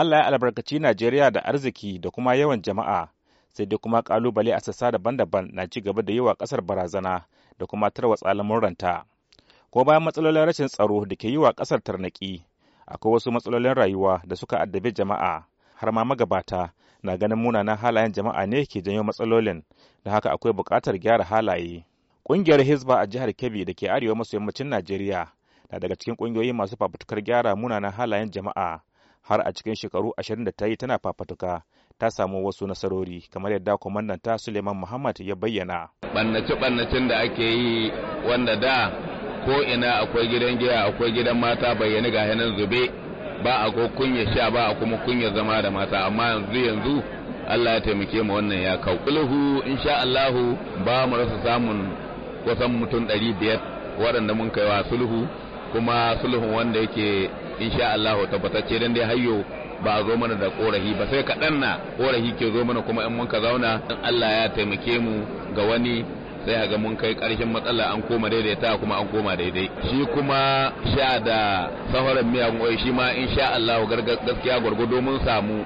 Allah ya albarkaci Najeriya da arziki da kuma yawan jama'a sai dai kuma kalubale a sassa daban-daban na ci gaba da yi kasar barazana da kuma tarwatsa lamuranta. Ko bayan matsalolin rashin tsaro da ke yi wa kasar tarnaki, akwai wasu matsalolin rayuwa da suka addabi jama'a har ma magabata na ganin munanan halayen jama'a ne ke janyo matsalolin da haka akwai buƙatar gyara halaye. Ƙungiyar Hizba a jihar Kebbi da ke arewa maso yammacin Najeriya na daga cikin ƙungiyoyi masu fafutukar gyara munanan halayen jama'a har a cikin shekaru ashirin da ta yi tana fafatuka ta samu wasu nasarori kamar yadda kwamandan ta suleiman muhammad ya bayyana bannace bannacen da ake yi wanda da ko ina akwai gidan giya akwai gidan mata bayyane ga hannun zube ba a ko kunya sha ba a kuma kunya zama da mata amma yanzu yanzu Allah ya taimake mu wannan ya kau kulhu insha Allahu ba mu rasa samun kusan mutum ɗari biyar waɗanda mun kai wa sulhu kuma sulhun wanda yake insha Allah ce dan dai hayyo ba a zo mana da korahi ba sai kaɗan na korahi ke zo mana kuma in mun ka zauna in Allah ya taimake mu ga wani sai ga mun kai ƙarshen matsala an koma ta kuma an koma daidai shi kuma sha da safaran miyagun ƙwai shi ma in sha Allah gaskiya gwargwado mun samu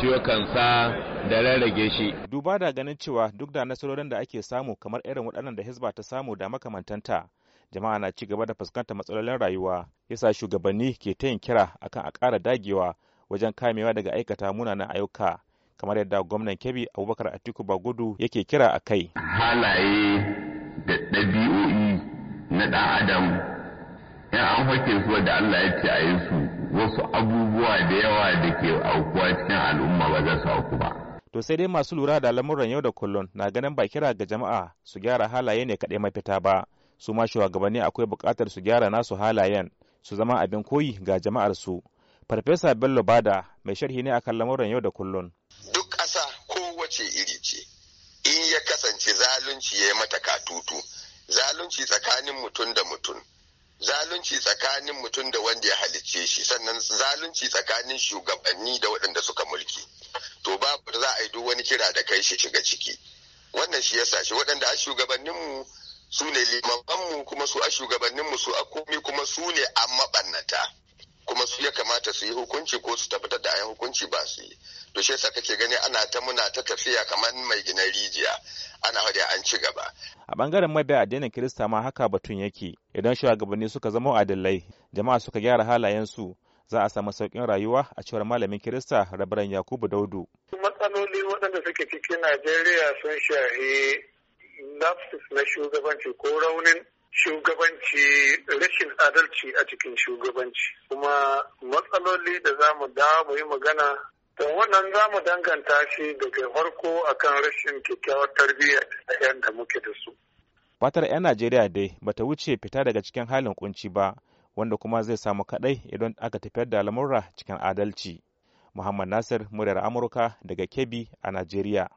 ciwo kansa da rarrage shi. Duba da ganin cewa duk da nasarorin da ake samu kamar irin waɗannan da Hizba ta samu da makamantanta jama'a na ci gaba da fuskantar matsalolin rayuwa yasa shugabanni ke ta yin kira akan a ƙara dagewa wajen kamewa daga aikata munanan ayyuka kamar yadda gwamnan kebbi abubakar atiku bagudu yake kira a kai halaye da ɗabi'o'i na ɗan adam yan an hake su da allah ya ce a yi su wasu abubuwa da yawa da ke aukuwa cikin al'umma ba za su auku ba to sai dai masu lura da lamuran yau da kullum na ganin ba kira ga jama'a su gyara halaye ne kaɗai mafita ba su ma shugabanni akwai buƙatar su gyara nasu halayen su zama abin koyi ga jama'ar su farfesa bello bada mai sharhi ne akan lamuran yau da kullun duk ƙasa kowace iri ce in ya kasance zalunci ya yi mata katutu zalunci tsakanin mutum da mutum zalunci tsakanin mutum da wanda ya halicce shi sannan zalunci tsakanin shugabanni da waɗanda suka mulki to babu za a yi duk wani kira da kai shi shiga ciki wannan shi yasa shi waɗanda a shugabanninmu su ne limamanmu kuma su a shugabanninmu su a komi kuma su ne an maɓannata kuma su ya kamata su yi hukunci ko su tabbatar da ayan hukunci ba su yi to shi yasa kake gani ana ta muna ta tafiya kamar mai gina rijiya ana hada an ci gaba a bangaren mabiya addinin kirista ma haka batun yake idan shugabanni suka zama adalai jama'a suka gyara halayensu za a samu sauƙin rayuwa a cewar malamin kirista rabaran yakubu daudu matsaloli waɗanda suke cikin najeriya sun shahi lapses na shugabanci ko raunin shugabanci rashin adalci a cikin shugabanci kuma matsaloli da za mu mu yi magana da wannan za mu danganta shi daga farko akan rashin kyakkyawar tarbiyya a yan da muke da su fatar 'yan najeriya dai bata wuce fita daga cikin halin kunci ba wanda kuma zai samu kadai idan aka tafiyar da lamurra cikin adalci muhammad nasir muryar amurka daga kebbi a najeriya